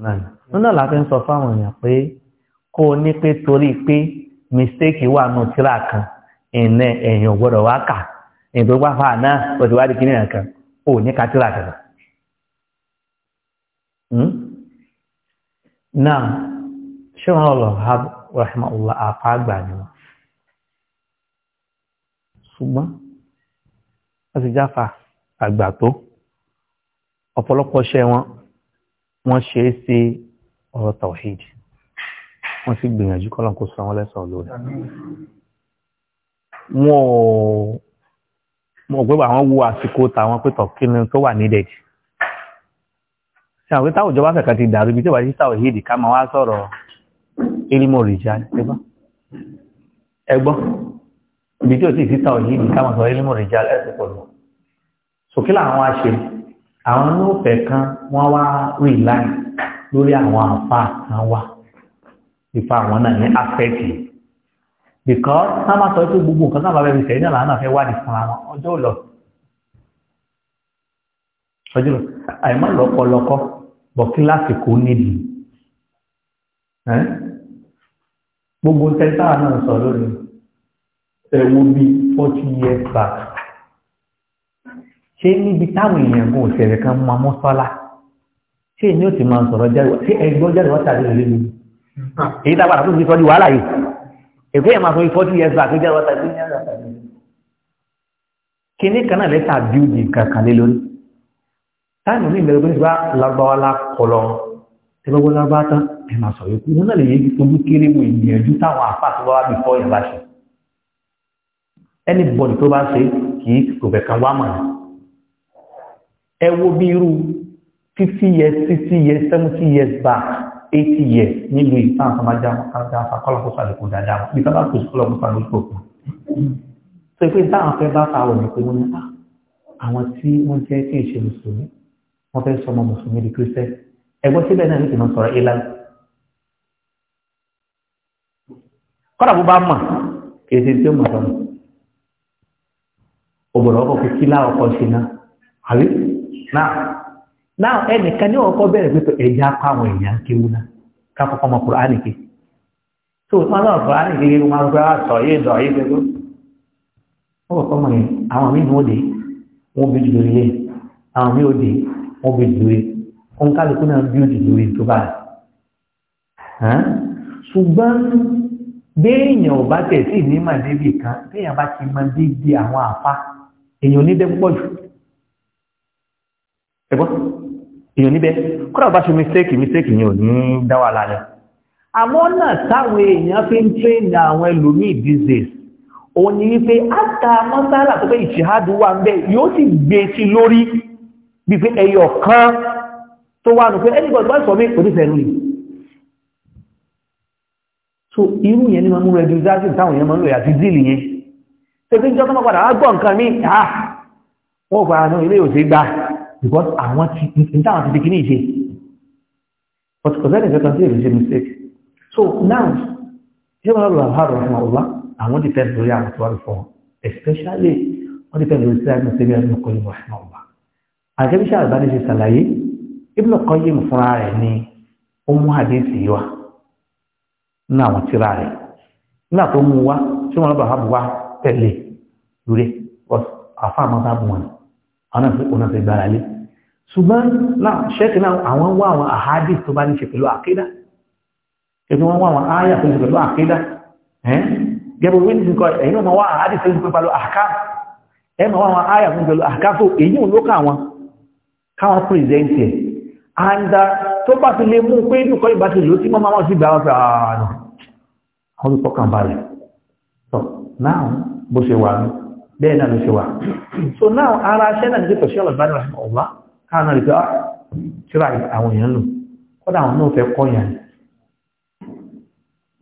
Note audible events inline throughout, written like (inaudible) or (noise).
nínú la fi ń sọ fáwọn èèyàn pé kó o ní pé torí pé mistake wà nù tíra kan ìnà ẹ̀yìn ògbọ́dọ̀ wá kà ìdó wáfà náà òṣèwádìí kìnìyàn kan ò ní ka tíra kan. Hmm? náà ṣé wọn lọ ha rahimahullah apá àgbà ni wọn ṣùgbọ́n wọ́n ti jáfa àgbà tó ọ̀pọ̀lọpọ̀ ṣẹ́ wọn wọ́n ṣe é sí ọ̀rọ̀ tawhid wọ́n sì gbìyànjú kọ́lọ̀ kó sọ wọ́n lẹ́sàn lórí wọn ò gbé àwọn wo àsìkò tàwọn pé tọ̀kínú tó wà nídẹ̀ ṣe àwọn pé táwùjọ bá fẹ̀kan ti dàrú ibi tí wàá sí tawhid ká máa wá sọ̀rọ̀ ilmo rijal ẹgbọ́n ibi tí ò sì sí tawhid ká máa sọ̀rọ̀ ilmo rijal ẹ̀sìn pọ̀ àwọn olóòfẹ́ kan wọ́n wá rí láì lórí àwọn àfa kan wà ìfa àwọn náà ní afẹ́tì because tá a máa sọ pé gbogbo nǹkan tá a bá bẹ̀rẹ̀ sẹ́yìn náà làwọn náà fẹ́ wádìí fúnra wọn ọjọ́ lọ ọjọ́ lọ àìmọ́ lọ́kọ́lọ́kọ́ bọ̀ kíláàsì kò níbi gbogbo sẹ́ńtà náà sọ lórí ẹ̀wọ̀n bíi forty years back ṣé níbi táwọn èèyàn gan òṣèré kan máa mọ́ sọ́lá ṣé èmi ò sì máa sọ̀rọ̀ jáde ṣé ẹgbọ́n jáde wọ́n tàbí ìlú mi èyí tá a padà tó fi sọ́jú wàhálà yìí èkó yẹn máa sọ forty years back jáde wọ́n tàbí ìlú mi kíní kan náà lẹ́tà bíúdì kankan lé lórí táìmù mi ìbẹ̀rẹ̀ pé nígbà lágbáwá lákọlọ tẹ́lọ́gbọ́n lágbá tán ẹ máa sọ̀rọ̀ ikú wọn náà lè yege ojú kéré wo ìgbìyànjú táwọn àfa àtúbọ̀wá bí fọ́ yẹn bá ṣe ẹnì bọ̀dì tó bá ṣe kì í kò fẹ́ kan wá mọ̀ náà ẹ wo bí irú fifty years sixty years seventy years back eighty years nílùú ìfẹ́ àwọn ọmọ ajá ajá kọ́lọ́kọ́ sàlùkù dáadáa bí sábà kò sí kọ́lọ́kọ́ sàlùkù òkú. sọ pé táwọn fẹ́ bá fa àwọn ìpè wọn ní ah, àwọn tí wọ́n jẹ́ kí ìṣe mùsùlùmí wọ́n fẹ́ sọmọ mùsùlùmí di kírísẹ́ ẹgbọ́n síbẹ̀ náà nìkan máa sọ̀rọ̀ ilá. kọ́dà bó bá mọ̀ kèsì tí ó mọ̀ sọ̀rọ̀ òbòrò ọkọ̀ kíkí láwọ̀ kọ́ náà ẹnìkan ní ọkọ̀ bẹ̀rẹ̀ pípẹ̀ ẹja pàwọn èèyàn kéwú náà káfọ́kọ́ ọmọ kùránì ké tó wọ́n lọ́wọ́ kùránì ké wọ́n gbá ah, sọ yé dọ̀ yé gbẹ́gbẹ́ ó kọ́kọ́ mọ̀ yẹn àwọn míì wọ́n dé wọ́n bí jù lórí yẹn àwọn míì ó dé wọ́n bí jù lórí òun kálukú náà bí ó jù lórí tó bá rẹ̀ ṣùgbọ́n béèyàn ò bá tẹ̀ sí ìnímọ̀ débi kan béèyàn bá ti mọ débi àwọn àfa èèyàn onídẹ́ ẹgbọ́n èèyàn níbẹ̀ kọ́nà bá ṣe mistake mistake yẹn ò ní dáwà lálẹ́ àmọ́ náà táwọn èèyàn fi ń train àwọn ẹlòmíì disease òun ni wípé áta mọ́sálà tó pé ìṣèhádùn wà ń bẹ yóò sì gbé sí lórí wípé ẹyọ kan tó wà nù pé anybody bá sọ mí oníṣẹ́ ìlú yìí so irú yẹn ni ah! wọ́n mú rẹ́díúzáṣìn táwọn because àwọn ti in táwọn ti di kí ní ìṣe but because sẹ́ni ìfẹ́ kan sí èrè mistake so now ṣé wọn lọ àbá rọrùn àwọn ọlá àwọn ti fẹ́ẹ́ lórí àwọn tó wà lọ́wọ́ especially wọ́n ti fẹ́ẹ́ lórí sílẹ̀ ní sẹ́mi ẹ̀rọ kọ́yìn wọ̀ ẹ̀rọ ọ̀la àjẹbíṣẹ́ àgbáni ṣe ṣàlàyé Ibn Qayyim fúnra rẹ̀ ni ó mú àdéhùn yìí wá ní àwọn tíra rẹ̀ nígbà tó mú wá ṣé wọn lọ bàbá bu wá tẹ̀lé lórí àfáàmọ́ bá bu wọn ni ọ̀nà sí ọ̀nà sí gbára lé ṣùgbọ́n náà ṣẹ́kì náà àwọn wá àwọn àhádì tó bá ní ṣe pẹ̀lú àkídá ẹgbẹ́ wọn wá àwọn ááyà tó ní ṣe pẹ̀lú àkídá gẹ́gbẹ́ wí nìkan ẹ̀yìn náà wá àhádì tó ní ṣe pẹ̀lú àká ẹ máa wá àwọn ááyà tó ní pẹ̀lú àká tó èyí ló ká wọn káwọn pírẹsẹ̀ntì ẹ̀ àǹdà uh, tó bá ti lè mú pé nìkan ìbá ti lò ó mọ́ máa ti gbà wọn fẹ́ ah, àwọn olùkọ́kàn balẹ̀ so now bó ṣe wà ní bẹ́ẹ̀ náà so now ara aṣẹ́ náà ní pẹ̀lú ṣọ́lọ̀ bá níwájú ọ̀wá káàná rí pé á ah, ṣíra àwọn èèyàn lò kọ́dà àwọn náà fẹ́ kọ́yàn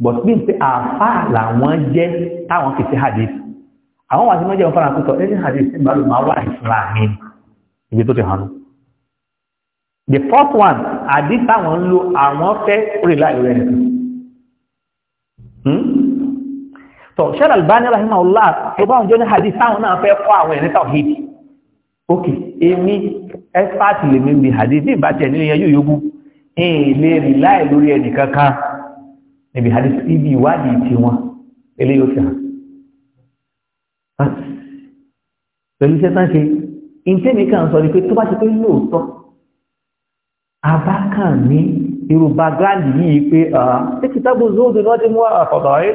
but bí n pé àfá làwọn jẹ́ táwọn fi ṣe hadith àwọn wàá sí mọ́jẹ́ fara pípọ̀ ẹni hadith ní bàálù máa wà ìṣúra ibi tó ti hàn the fourth one hadith táwọn ń lo àwọn fẹ́ orí láì rẹ̀ nìkan tọ̀ ṣẹ́lá albani rahimahullah ẹgbẹ́ àwọn jọ ní hadith táwọn náà fẹ́ kọ́ àwọn ẹ̀rẹ́ tawhid ok èmi expert lè mi bí hadith bí ìbá tẹ̀ nílé yẹn yóò ilé rí láì lórí ẹnì kankan níbi hadith ibi ìwádìí tí wọn ilé yóò fi hàn ah, pẹ̀lú iṣẹ́ tán ṣe ìtẹ́mi kan sọ ni pé tó bá ṣe pé lóòótọ́ abákan ní irú background yìí pé ah, ṣé kìtàbù zoodu lọ́dún wà àkọ́tọ̀ rẹ̀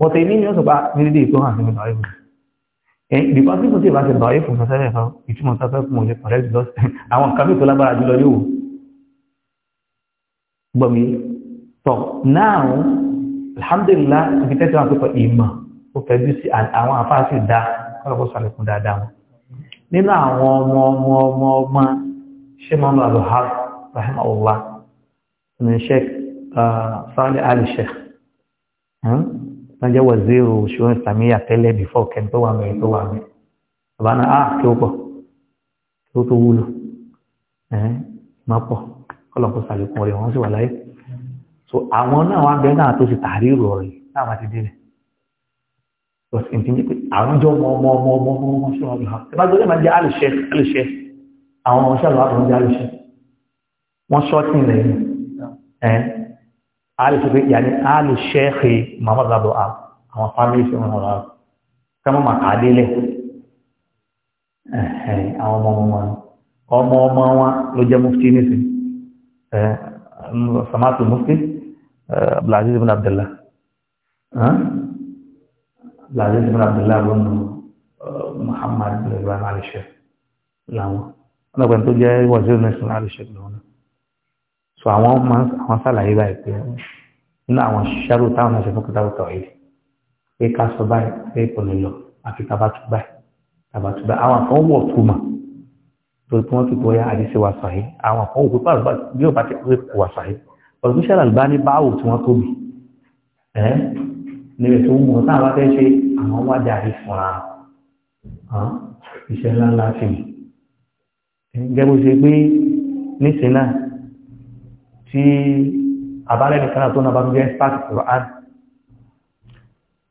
wọ́n tẹ̀ ní ni dia itu hanya hàn sí Di ìfún ẹ̀yìn bíkọ́ sí ìfúnṣe ìbáṣe ìdọ̀ ìfún sọ́sẹ́rẹ̀ kan ìtumọ̀ sọ́fẹ́ fún òjò pàrẹ́ jùlọ àwọn nǹkan tó lágbára jùlọ yóò gbọ̀mí tọ̀ náà alhamdulillah ibi tẹ́tí wọn pípọ̀ ìmọ̀ awak apa sih dah? Kalau dá kọ́lọ́kọ́ sàlẹ̀kùn dah. wọn nínú àwọn ọmọ ọmọ ọmọ ọmọ ṣé mọ́ lọ àlùhá rahimahullah ní sheikh ah, sọ́ọ́lẹ̀ alì sheikh hmm? wọ́n jẹ́ wọ̀zẹ́rò ṣòro ìsàmìyà tẹ́lẹ̀ bífọ́ kẹ́ni tó wà mẹ́rin tó wà mẹ́rin bàbá náà á ah, kí ó pọ̀ kí ó tó wúlò má pọ̀ kọ́lọ̀kọ́ sàlékún ọ̀rẹ́ wọn sì wà láyé so àwọn náà wà bẹ́ẹ̀ náà tó ti tààrí rò ọ̀rẹ́ náà wà ti dé rẹ̀ bọ́sì ní ti ní pé àwọn jọ mọ ọmọ ọmọ ọmọ ọmọ ọmọ ṣé wọn bí wọn ẹ bá gbọ́dọ̀ máa jẹ àlùṣẹ àlùṣẹ àwọn ọmọ ṣàlùwà tó ń jẹ àlùṣẹ wọn ṣọ́ọ̀tì alùsùfì yàní alùsẹ́ẹ̀kì muhammad abdu'a àwọn fámìlì sí wọn ọ̀rọ̀ kẹ́mọ́ mà á délé àwọn ọmọ wọn ọmọ ọmọ wọn ló jẹ́ mufti nísìn samatu mufti abdulaziz ibn abdullah abdulaziz ibn abdullah ibn muhammad ibn ibrahim alùsẹ́ẹ̀kì làwọn ọ̀nà pẹ̀lú tó jẹ́ wazir nísìn alùsẹ́ẹ̀kì lọ́wọ́ náà. so àwọn máa àwọn sàlàyé báyìí pé nínú àwọn ṣẹ́rù táwọn ẹ̀ṣẹ̀ fún kìtàbù tọ̀ yìí pé ká sọ báyìí pé kò lè lọ àfi tá a bá tún báyìí tá a bá tún báyìí àwọn kan wọ̀ túmọ̀ torí pé wọ́n ti bóyá àdìsí wa sàyè àwọn kan wò pé pàrọ̀ bí ó bá ti pé kò wà sàyè ọ̀rọ̀ tó ṣẹlẹ̀ bá ní báwò tí wọ́n tóbi níbi tó mú wọn táwọn bá fẹ́ ṣe àwọn wájà àdìsí fúnra gẹ́gẹ́ bó ṣe pé nísìnyí náà tí àbálẹ́ni kan tó náà bá tún jẹ́ spark Quran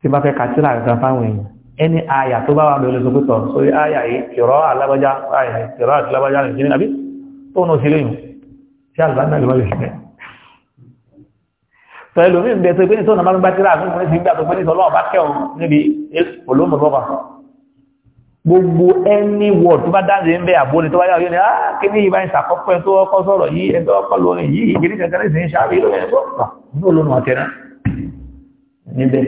tí bá fẹ́ kàtíra àgbà fáwọn èèyàn ẹni àyà tó bá wà lórí lọ́sọ̀pítọ̀ sórí àyà yìí kìrọ́ alábájá kìrọ́ alábájá rẹ̀ jẹ́ nàbí tó náà sílé yìí tí àlùbáńdà lè wọlé sílẹ̀ sọ ẹlòmíì ń bẹ tó gbé ní tó náà bá tún bá gbogbo ẹni wọ̀ tó bá dáńdé ń bẹ́ àbóni tó bá yáwó yóò ní ààkì ah, ní ìbá ìsàkọ́kọ́ tó ọkọ́ sọ̀rọ̀ yìí ẹgbẹ́ ọkọ́ lórí yìí ìgbìrí kẹkẹrẹ sí ń sáré lórí ẹgbẹ́ ọ̀pá ní olóòrùn ọ̀tẹ́rá níbẹ̀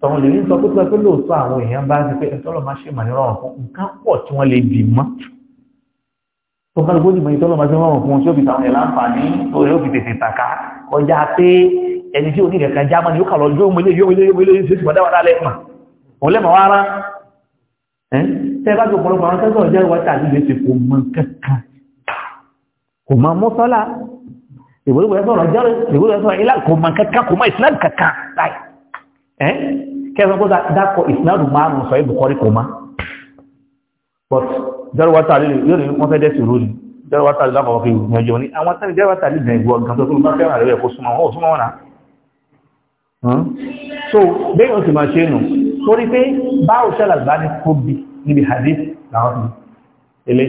tọ̀hún lè ní sọ pé pé lóòótọ́ àwọn èèyàn bá ti pé ẹ̀tọ́lọ̀ máa ṣe màní rọrùn fún nǹkan pọ̀ tí wọ́n lè dì mọ́ tó bá gbódì mọ́ ìtọ́lọ̀ máa ṣe rọrùn fún tí ó fi tàwọn èèyàn láǹfààní tó yóò ni ó kà lọ yóò mú ilé yóò tẹ́gbà tó pọ̀lọpọ̀ àwọn tẹ́gbà ọ̀jẹ́ ìwà tàbí lè ṣe kò mọ̀ kankan kò mọ̀ mọ́sọ́lá ìwòlúwẹ̀ sọ̀rọ̀ jẹ́rọ ìwòlúwẹ̀ sọ̀rọ̀ ilá kò mọ̀ kankan kò mọ̀ islam kankan láì ẹ́ kẹfẹ́ kó dákọ̀ islam márùn sọ ibùkọ́rí kò mọ̀ but jẹ́rọ wá tàbí yóò ní wọ́n fẹ́ dẹ́sì lórí jẹ́rọ wá tàbí láwọn ọkọ̀ ìwòlúwẹ̀ jọ ní àwọn tẹ́lẹ̀ jẹ́rọ wá tàbí bẹ̀rẹ̀ ìwọ̀ gan tó tó bá fẹ́ràn rẹ̀ kó súnmọ́ wọn ò hmm? so bẹ́ẹ̀ yóò sì máa ṣe torí pé báwo ṣe Al-Albani tóbi níbi hadith làwọn fi ilé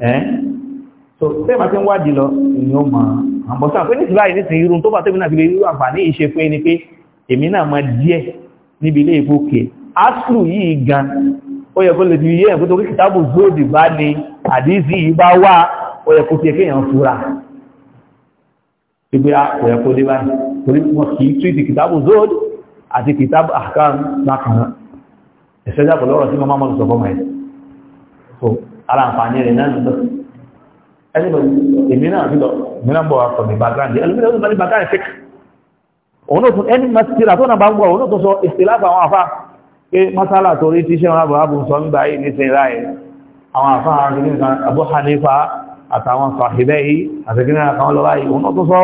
ẹ́ so pé màá fi ń wádìí lọ ìyẹn mọ̀ àbọ̀sán pé nítorí báyìí nítorí irun tó bá tóbi náà fi lè irú àǹfààní ìṣe pé ni pé èmi náà mọ díẹ̀ níbi ilé ìpò kè áṣùlù yìí gan ó yẹ kó lè fi yé ẹ̀kú tó kí kìtàbù zóòdì bá yẹ ìgbé àpò ẹ̀kọ́ dé báyìí torí wọn kì í tú zóòdì àti kìtàb àkàn bákan ìṣẹ́jà pẹ̀lú ọ̀rọ̀ tí wọ́n máa mọ́ sọ fọ́mọ̀ ẹ̀ so ara àǹfààní rẹ̀ náà lọ ẹni bọ̀ èmi náà fi lọ èmi náà bọ̀ wá sọ mi background ẹlòmíràn ló ń bali background fake òun náà tún ẹni masira tó náà bá ń gbọ́ òun náà tún sọ ìṣẹ̀láfà àwọn afá pé masala torí tíṣẹ́ wọn àbọ̀ àbò sọ ń gbà yìí ní sin ra ẹ̀ àwọn afá Abu Hanifa àtàwọn sàhìbẹ́ yìí àtẹ̀kínà àtàwọn lọ́wọ́ yìí òun náà tún sọ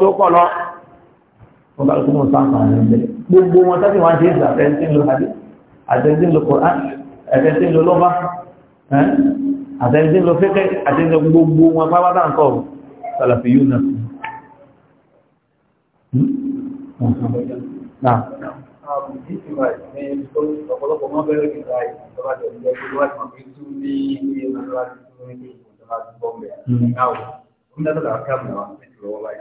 tó pọ̀ lọ wọn bá gbọ́n sáfàánì ń bẹ gbogbo wọn tàbí wọn jẹ́ ìsìn àfẹ́sí ń lo hadí àfẹ́sí ń lo koran àfẹ́sí ń lo lọ́ba àfẹ́sí ń lo fẹ́kẹ́ àfẹ́sí ń lo gbogbo wọn pápátá nǹkan ọ̀ sàlàfì yóò nà sí. Ọ̀pọ̀lọpọ̀ máa bẹ̀rẹ̀ nígbà ìjọba ìjọba ìjọba ìjọba tún ní ilé ìjọba tún ní ìjọba tún bọ́m̀bẹ̀. Náà, ó ń dáná làákàmù náà, ó ń tẹ̀síwọ́ wáyé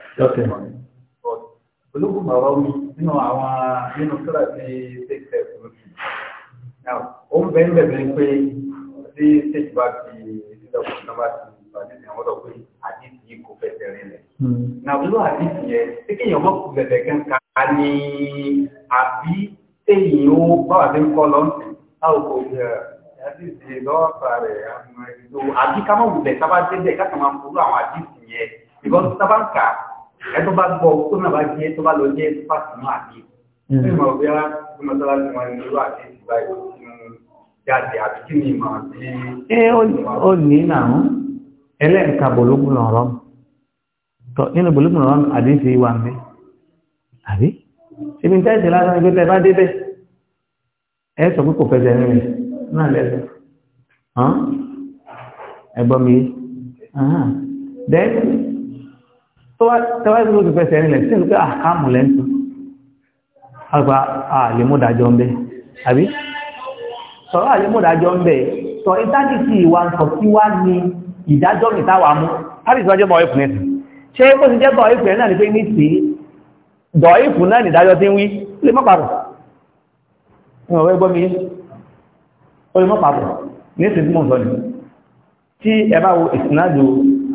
olókùn bàbá mi nínú àwọn nínú sọ́dà tí take care fún mi. ó ń bẹ́ẹ̀ bẹ̀rẹ̀ pé tí stage bá ti sílẹ̀kùn náà bá ti pàdé ní àwọn ọ̀dọ́ pé àdìsí yìí kò fẹsẹ̀ rìn lẹ̀. nà olú àdìsí yẹn tí kéèyàn mọ̀ kù bẹ̀bẹ̀ kankan ni àbí téèyàn ó báwa ti ń kọ́ lọ́ǹtì táwọn kò yẹ àdìsí lọ́ọ̀tà rẹ̀ àmọ́ àbí ká má wù bẹ̀ sábà dé bẹ̀ ká ẹ̀tọ́ bá gbọ́ tó náà bá jẹ́ tó bá lọ jẹ́ tó bá sì máa bí ní ìmọ̀ bí a tó máa tọ́lá wọn ní irú àti ìgbà ìjáde àti kí ni ìmọ̀ àti. ẹ ó ní náà ẹlẹ́ǹka bòlógún ọ̀rọ̀ tọ nínú bòlógún ọ̀rọ̀ àdéhùn ìwà mi àbí ibi tẹ́ ìṣẹ̀lá sọ pé tẹ́ bá débẹ̀ ẹ sọ pé kò fẹsẹ̀ rẹ̀ náà lẹ́sẹ̀ ẹ̀gbọ́n mi tọ́wọ́ ìlú ti fẹsẹ̀ rinlẹ̀ sí pé àkàmù ah, lẹ́ntù àgbà àlèmúdàjọ́ ń bẹ àbí sọ̀rọ̀ àlèmúdàjọ́ ń bẹ sọ ìtàjì sí ìwà ń sọ sí wá ní ìdájọ́ ìtawà mú tàbí sọ jẹ́ bọ̀ ìfún ẹ̀sìn ṣé ó ti jẹ́ bọ̀ ìfún ẹ̀ náà ni pé ní sí bọ̀ ìfún náà nìdájọ́ ti ń wí lè mọ́ papọ̀ ní ọ̀rẹ́ gbọ́ mi ó lè mọ́ papọ̀ ní ìsìn tí mo sọ ni tí ẹ bá wo ìsìnàjò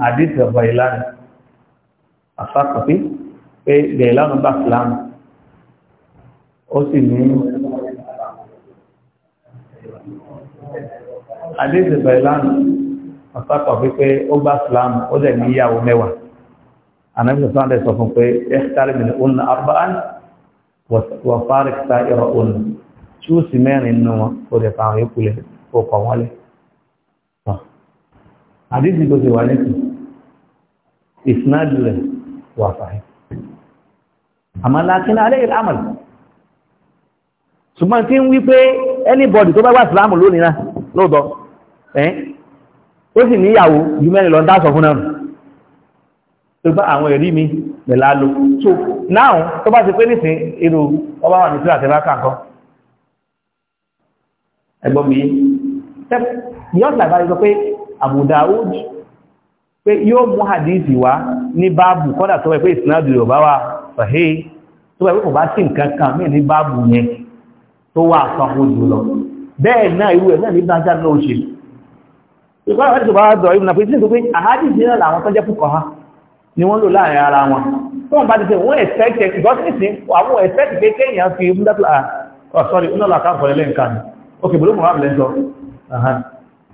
àdìsẹ̀ ọ̀pọ̀ ìlànà àfàkọ̀tí pé bẹ̀rẹ̀ lánàá bá fìlànà ó sì ní àdéhùn bẹ̀rẹ̀ lánàá àfàkọ̀tí pé ó bá fìlànà ó dẹ̀ ní ìyàwó mẹ́wàá ànábìsọ̀ sọ́ndẹ̀ sọ fún pé ẹ́kítàrí mi ó na arba'an wà fárí ta ìrọ̀ òun tí ó sì mẹ́rin هو صحيح àmọ́ lákínà alẹ́ ìlàmàlì ṣùgbọ́n tí ń wí pé anybody tó bá wà ìsìlámù lónìí náà lóòtọ́ ẹ́n ó sì níyàwó ju mẹ́rin lọ dáṣọ fún náà tó bá àwọn ẹ̀rí mi pẹ̀lá lo so now tó bá ti pé nìsín èrò ọba wà ní sí àtẹ́lá ko. ẹgbọ́n mi yọ́ sàbárí sọ pé Abu Daud pé yóò mú hadith wá ní báàbù kọ́dà tó wẹ́ pé ìsinádù rẹ̀ bá wà ọ̀hẹ́ tó wẹ́ pé kò bá sí nǹkan kan mí ní báàbù yẹn tó wà sanwó jùlọ bẹ́ẹ̀ náà irú ẹ̀ náà ní bájá náà ó ṣe ìpára hadith bá dọ̀ ìmúna pé sí pé ahadith náà làwọn tó jẹ́ púpọ̀ ha ni wọ́n lò láàrin ara wọn tó wọ́n bá ti ṣe wọ́n ẹ̀ gọ́sìsì àwọn expect pé kéèyàn fi múdàtà ọ̀ ah, oh, sorry ó náà làkà fọ́ ilé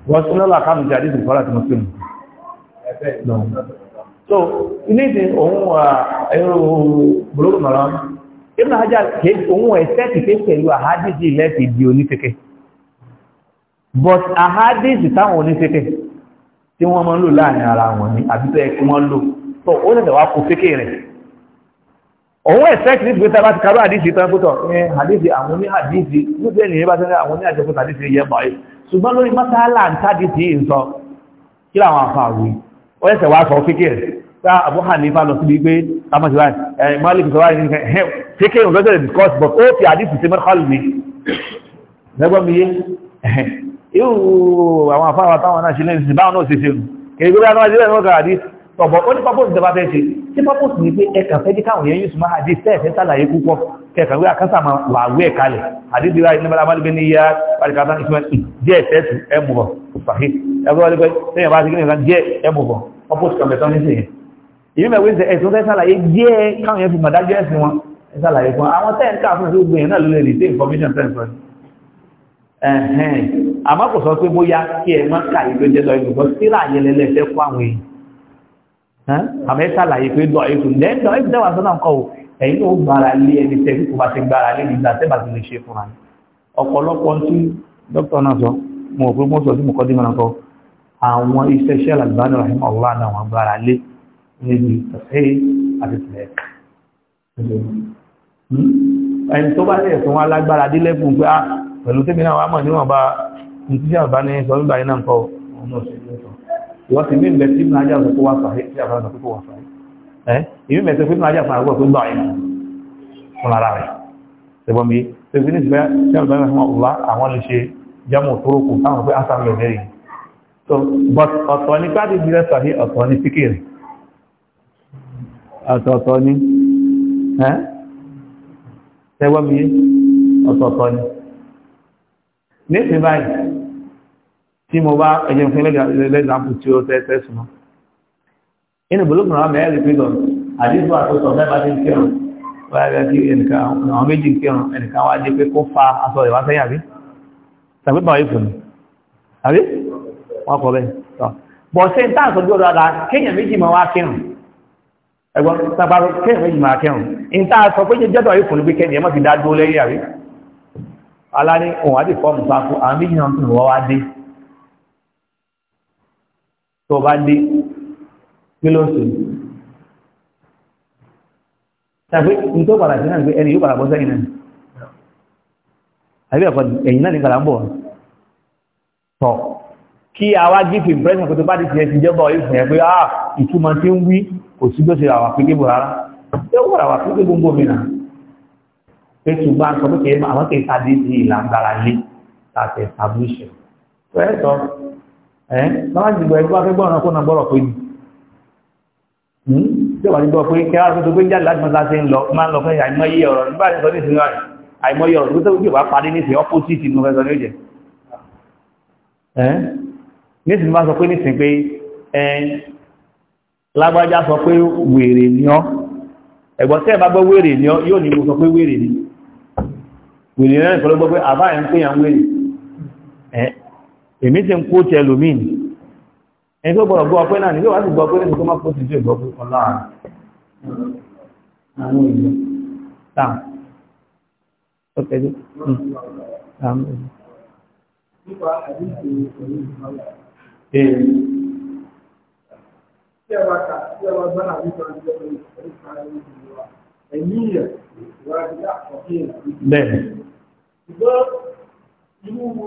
ok so ilé ìsìn òun ẹ̀rọ bùrọ́kù mọ̀rán ibùn àjá òun ẹ̀sẹ́ ti pé pẹ̀lú àhádìsì lẹ́fì di onífẹ́kẹ́ but àhádìsì táwọn onífẹ́kẹ́ tí wọ́n máa ń lò láàrin ara wọn ni àbíbẹ́ ẹkùn wọn lò so ó lẹ́sẹ̀ wá kó fẹ́kẹ́ rẹ̀ òun ẹ̀sẹ́ ti gbé tábà eh, ti káró àdìsì tán pútọ̀ àdìsì àwọn ní àdìsì níbẹ̀ nìyẹn bá tẹ́lẹ̀ àwọn ní àjẹkùn àdìsì yẹ báyìí ṣùgbọ́n lórí mọ́sálà ń tádìsì ń sọ kí làwọn àfa àwòrán ó ẹ̀sẹ̀ wá sọ fíkẹ́ ẹ̀ tá Abu Hanifa lọ síbi pé tamasi wa ẹ̀ Malik sọ wáyé nìkan ẹ̀ fíkẹ́ ìrùn lọ́jọ́ discuss but ó fi àdìsí sí mẹ́kọ́lù mi lẹ́gbọ́n mi yé irú àwọn afáwà táwọn náà ṣe lẹ́yìn sí báwọn náà ṣe ṣe nù kèrè gbogbo àwọn àdìsí ọ̀bọ̀ ó ní purpose ìjọba fẹ́ ṣe tí purpose ní pé ẹkàn fẹ́ jí káwọn yẹn yóò súnmọ́ àdí sẹ́ẹ̀fẹ́ sàlàyé púpọ̀ kẹkàn wí àkánsà máa wà wí ẹ̀kalẹ̀ àdídìrá ìnibàlá máa lébẹ́ ní ya pàdìkàtà ìṣúná díẹ̀ sẹ́ẹ̀tù ẹmùbọ̀ pàṣẹ ẹgbẹ́ wọlé pé sẹ́yìn bá ti gíní ìran díẹ̀ ẹmùbọ̀ opposite kọ̀mẹ̀tọ́ ní sèyìn ìlú mẹ́wé ṣe ẹ̀sùn fẹ́ sàlàyé díẹ̀ káwọn yẹn fi mọ̀ dájú ẹ̀sìn wọn sàlàyé fún àwọn tẹ́ ń information fẹ́ sọ ẹ̀hẹ́n àmọ́ kò sọ pé bóyá kí ẹ má kà ìgbẹ́jẹ́ lọ ìgbẹ́jọ́ síra yẹlẹlẹ fẹ́ kó àwọn èèyàn àmì ṣàlàyé pé dọ̀ ètò lẹ́dọ̀ ètò tẹ́wà sọ́nà kọ́ ò ẹ̀yìn ló gbára lé ẹni tẹ́bí kò bá ti gbára lé nígbà tẹ́bà ti lè ṣe fún ra ọ̀pọ̀lọpọ̀ tí dókítà náà sọ mo rò pé mo sọ sí mo kọ́ dé mọ́nà kọ́ àwọn iṣẹ́ iṣẹ́ alàgbàdo rahim allah náà wọ́n gbára lé níbi tẹ̀sẹ̀ àti tẹ̀lẹ̀ hmm? ẹni tó bá tẹ̀ wọ́n ti ní ìbẹ̀ tí ìbìnà ajá òṣèkó wà sàáyé tí àbára òṣèkó wà sàáyé ẹ́ ìbí mẹ́sẹ̀ pé ìbìnà ajá fún àgbà tó gbà ìrìn fún ara rẹ̀ ṣẹbọ́n mi ṣe fi ní ìbẹ̀ tí àbára òṣèkó wà ọ̀la àwọn lè ṣe jámù tórókù táwọn pé ásà lọ mẹ́rin so ọ̀tọ̀ ni káàdì ìbílẹ̀ ni síkìrì ọ̀tọ̀ọ̀tọ̀ ni ni nísìnyí tí mo bá ẹ̀jẹ̀ fún lẹ́gbàmù tí ó tẹ́tẹ́ súnmọ́. inú bùlùkùn náà mẹ́rin pínlọ̀ àdífò àtúntò mẹ́bàá ní kírun wáyé kí ẹnìkan àwọn méjì kírun ẹnìkan wá dé pé kó fa aṣọ ìwá sẹ́yìn àbí tàbíbà yìí fún àbí wọn kọ bẹ́ẹ̀ tọ́ bọ̀ ṣe ń tà sọ bí ọ̀dọ̀ kéèyàn méjì máa wá kírun ẹgbọ́n tàbárò kéèyàn méjì máa kírun ń tà sọ pé jẹ́jọ́ yìí fún bí kẹ́ni ẹ̀ mọ́ fi dá dúró lẹ́yìn àbí alá ní òun àti fọ́ọ̀mù sáfù àwọn méjì náà tún wọ́n wá dé tó bá dé kí ló sùn tàbí nítorí padà sí náà pé ẹni yóò padà bọ́ sẹ́yìn náà àbí ẹ̀kọ́ ẹ̀yìn náà ní padà ń bọ̀ tọ̀ kí a gífì impression kò tó bá di tiẹ̀ ti jẹ́ bọ̀ ìfún yẹn pé ah ìtumọ̀ tí ń wí kò sí gbèsè àwọn àfikébò rárá yóò padà wà fún gbogbo mi náà pé ṣùgbọ́n a sọ pé kì í àwọn kì í sáà dé sí ìlànà gbára lé tàbí establishment ẹ́ báwa ti gbọ́ ẹgbẹ́ afẹ́gbọ́ ọ̀nà kó na gbọ́rọ̀ pé ni jọba hmm? ti gbọ́ pé kí á tó gbé jáde láti mọ́ta ṣe ń lọ máa ń lọ fún àìmọye ọ̀rọ̀ nígbà tí sọ ní ìsinmi rẹ̀ àìmọye ọ̀rọ̀ tó gbé wàá parí nísìnyí opposite ní ọ̀fẹ́ sọ ní òjẹ́ ẹ́ nísìnyí máa sọ pé nísìnyí pé ẹ́ lágbájá sọ pé wèrè ni ọ́ ẹ̀gbọ́n tẹ́ bá gbọ́ wèrè ni ọ́ yóò ní mo sọ pé wèrè ni wèrè náà ìfọlọ́gbọ́ pé àbáyé ń pè yàn wèrè èmi ti ń kó tẹ lómìn ẹni tó gbọ́dọ̀ gbọ́ ọpẹ́ náà nígbà wàá sì gbọ́ ọpẹ́ lẹ́sìn tó má kó ti tó ìgbọ́ pé ọlá àwọn ìlú táà ó kẹjú táà mú ìlú. nípa àdínkù ìṣòro ìgbàlá. ṣé ẹ bá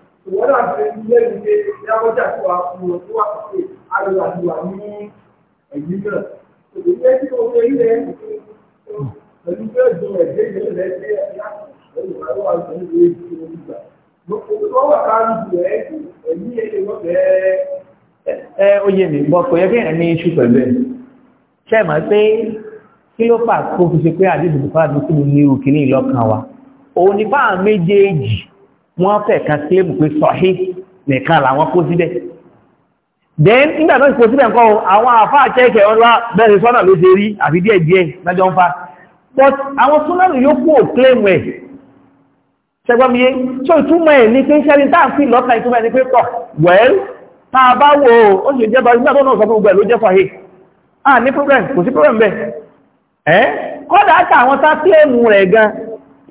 ìwọ́n náà ṣe ilé ìgbé ìyáwọ́jà tó wà fún ọ tó wà pàṣẹ àlùwàlùwà ní ẹ̀yìn náà òṣèlú yẹn tí mo fẹ́ ilé pẹ̀lú pé ọjọ́ ẹ̀jẹ̀ yẹn lẹ́ sí ẹ̀yà ẹ̀yìn wà lọ́wọ́ àwọn ìwé ìdí omi gbà lọ́wọ́ ẹ̀yìn ẹ̀yìn ẹ̀yìn bẹ́ẹ̀. ẹ ó yé mi bọ kò yẹ kí ẹ ní iṣu pẹ̀lú ẹ ṣe é mọ̀ pé kí ló fà kó fi ṣe pé àdéhùn fàdúkú ní òkè ní ìlọ́kàn wa òun ni fáwọn méjèèjì wọ́n fẹ́ kan kílébù pé sọ̀hí nìkan làwọn kó síbẹ̀ then nígbà tó ìkó síbẹ̀ nǹkan àwọn àfáà chẹ́kẹ̀ ọlá bẹ́ẹ̀ sọ́nà ló ṣe rí àfi díẹ̀ díẹ̀ lájọ́ ń fa but àwọn súnmọ́nù yóò kú ò claim ẹ̀ ṣẹgbọ́mìyé so ìtumọ̀ ẹ̀ ní pé ṣẹ́ni tá à ń fi lọ́kàn ìtumọ̀ ẹ̀ ní pé pọ̀ well tá a bá wo ó sì jẹ́ bá nígbà tó náà sọ pé gbogbo ẹ̀ ló problem kò problem bẹ́ẹ̀ ẹ́ kọ́dà àtàwọn tá claim rẹ̀ gan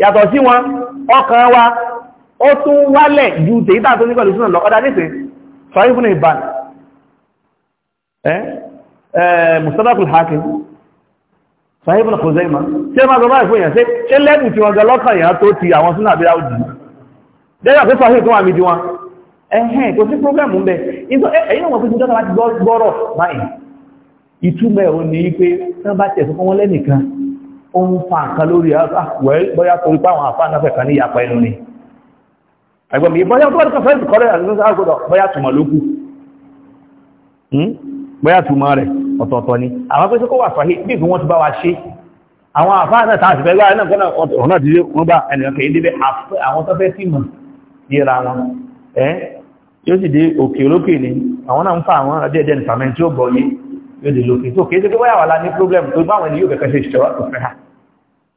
yàtọ̀ sí wọn ọkàn wa ó tún wálẹ̀ ju tèyítà tó ní pẹ̀lú súnà lọ ọ̀dá nísìn sọ ibùn ìbàn mustadrakul hakim sọ ibùn khuzaima tí ó máa gọbá ìfún èèyàn ṣe lẹ́bù tí wọ́n gọlọ́kàn èèyàn tó ti àwọn súnà àbíyá òjì dẹ́gbà pé sọ́hìn tó wà mí di wọn ẹ̀hẹ́ kò sí problem ń bẹ ẹ̀yìn àwọn fíjì dọ́ta láti gbọ́rọ̀ báyìí ìtumọ̀ ẹ̀rọ ní pé wọ́n bá tẹ̀sùn fún wọn lẹ́nìkan ó ń fa nǹkan lórí ah, ah, àwọn àpá ìnáfẹ́ kan ní ìyapa ẹnu ni àgbàmì ìbọn yàtọ̀ wọ́n kọfẹ́ ìkọ́rẹ́ àgbọ́dọ̀ bọ́yá túnmọ̀ ló kú hmm? bọ́yá túnmọ̀ rẹ̀ ọ̀tọ̀ọ̀tọ̀ ni àwọn pẹ́sẹ́ kó wà fàáhí bí ìfún wọ́n ti bá wa ṣe àwọn àfáà náà tààtì fẹ́ gbáyé náà ọ̀nà tí wọ́n bá ẹnìyàn kèé débẹ̀ àwọn tó fẹ́ sí mọ̀ yẹra wọn ẹ́ yóò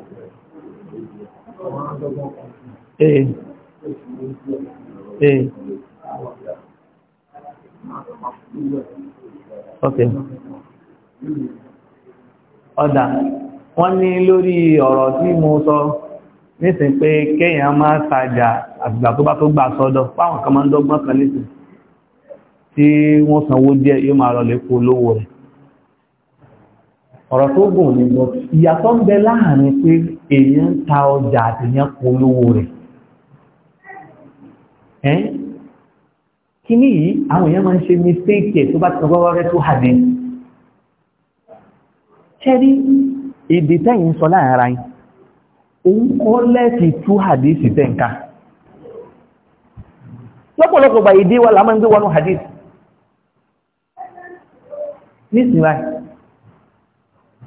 ee eh, ee eh. ok ọ̀dà wọ́n ní lórí ọ̀rọ̀ tí mo sọ nísìn pé kéèyàn máa tajà àgbà tó bá tó gbà sọ́dọ̀ fáwọn kan máa ń dọ́gbọ́n kan tí wọ́n sanwó díẹ̀ yóò máa rọlẹ̀ kó lówó rẹ̀ ọ̀rọ̀ tó gùn ní ìyàtọ̀ ń bẹ láàrin pé ń ta ọjà àtìyàn polówó rẹ̀ ẹ́ kíní yìí àwọn èèyàn máa ń ṣe mistake tó bá ti wọ́rẹ́ tó hàdé ṣẹ́rí èdè tẹ́yìn sọ láàrin yìí òun kọ́ lẹ́ẹ̀kì tú hàdé sí tẹ́ǹkà lọ́pọ̀lọpọ̀ gbà wa wọnú nísìnyí